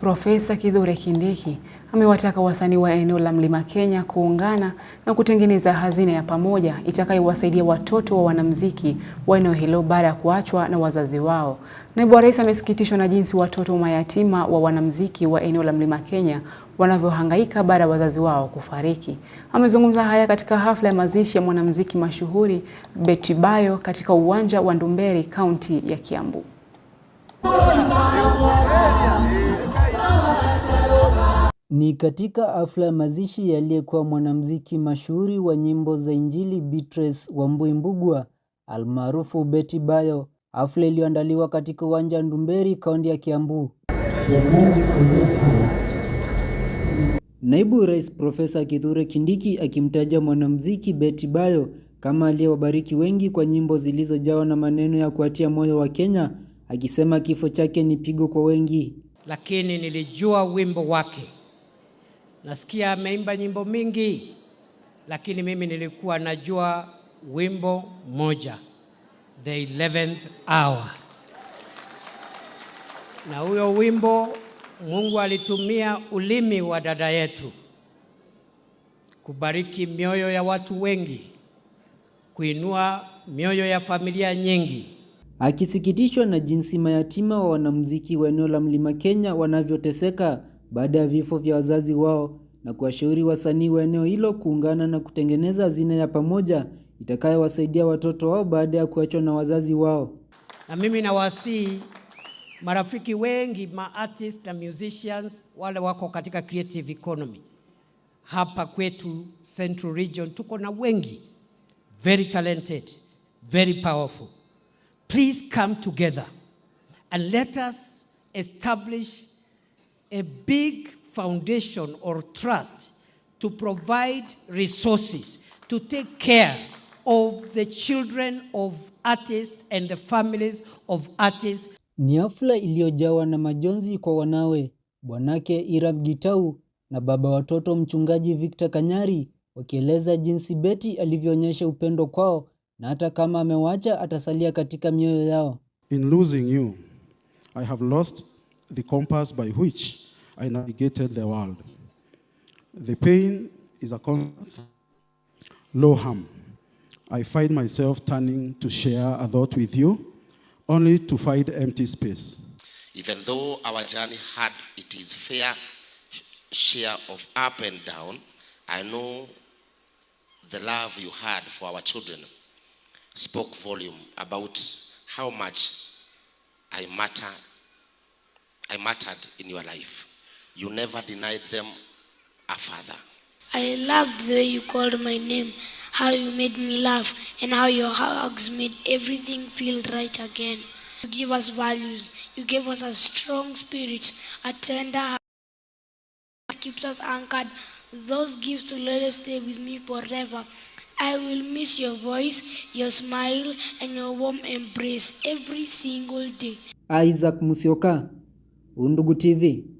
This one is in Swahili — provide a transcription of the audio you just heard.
Profesa Kithure Kindiki amewataka wasanii wa eneo la Mlima Kenya kuungana na kutengeneza hazina ya pamoja itakayowasaidia watoto wa wanamuziki wa eneo hilo baada ya kuachwa na wazazi wao. Naibu wa Rais amesikitishwa na jinsi watoto mayatima wa wanamuziki wa eneo la Mlima Kenya wanavyohangaika baada ya wazazi wao kufariki. Amezungumza haya katika hafla ya mazishi ya mwanamuziki mashuhuri Betty Bayo katika uwanja wa Ndumberi, kaunti ya Kiambu. Ni katika hafla ya mazishi yaliyekuwa aliyekuwa mwanamuziki mashuhuri wa nyimbo za injili Beatrice Wambui-Mbugua almaarufu Betty Bayo, hafla iliyoandaliwa katika uwanja wa Ndumberi, kaunti ya Kiambu. Naibu Rais Profesa Kithure Kindiki akimtaja mwanamuziki Betty Bayo kama aliyewabariki wengi kwa nyimbo zilizojawa na maneno ya kuatia moyo wa Kenya, akisema kifo chake ni pigo kwa wengi lakini nilijua wimbo wake. Nasikia ameimba nyimbo mingi, lakini mimi nilikuwa najua wimbo moja, The 11th Hour, na huyo wimbo Mungu alitumia ulimi wa dada yetu kubariki mioyo ya watu wengi, kuinua mioyo ya familia nyingi akisikitishwa na jinsi mayatima wa wanamuziki wa eneo la Mlima Kenya wanavyoteseka baada ya vifo vya wazazi wao na kuwashauri wasanii wa eneo hilo kuungana na kutengeneza hazina ya pamoja itakayowasaidia watoto wao baada ya kuachwa na wazazi wao. Na mimi nawasihi marafiki wengi, artists na musicians wale wako katika creative economy hapa kwetu Central Region, tuko na wengi very talented, very powerful please come together and let us establish a big foundation or trust to provide resources to take care of the children of artists and the families of artists. Ni hafla iliyojawa na majonzi kwa wanawe bwanake Irab Gitau na baba watoto mchungaji Victor Kanyari wakieleza jinsi Betty alivyoonyesha upendo kwao na hata kama amewacha atasalia katika mioyo yao. In losing you I have lost the compass by which I navigated the world. The pain is a constant low harm. I find myself turning to share a thought with you only to find empty space. Even though our journey had is fair share of up and down, I know the love you had for our children spoke volume about how much I matter I mattered in your life. You never denied them a father. I loved the way you called my name, how you made me laugh, and how your hugs made everything feel right again. You give us values. You gave us a strong spirit, a tender heart keeps us anchored. Those gifts will always stay with me forever. I will miss your voice, your smile, and your warm embrace every single day. Isaac musioka Undugu TV.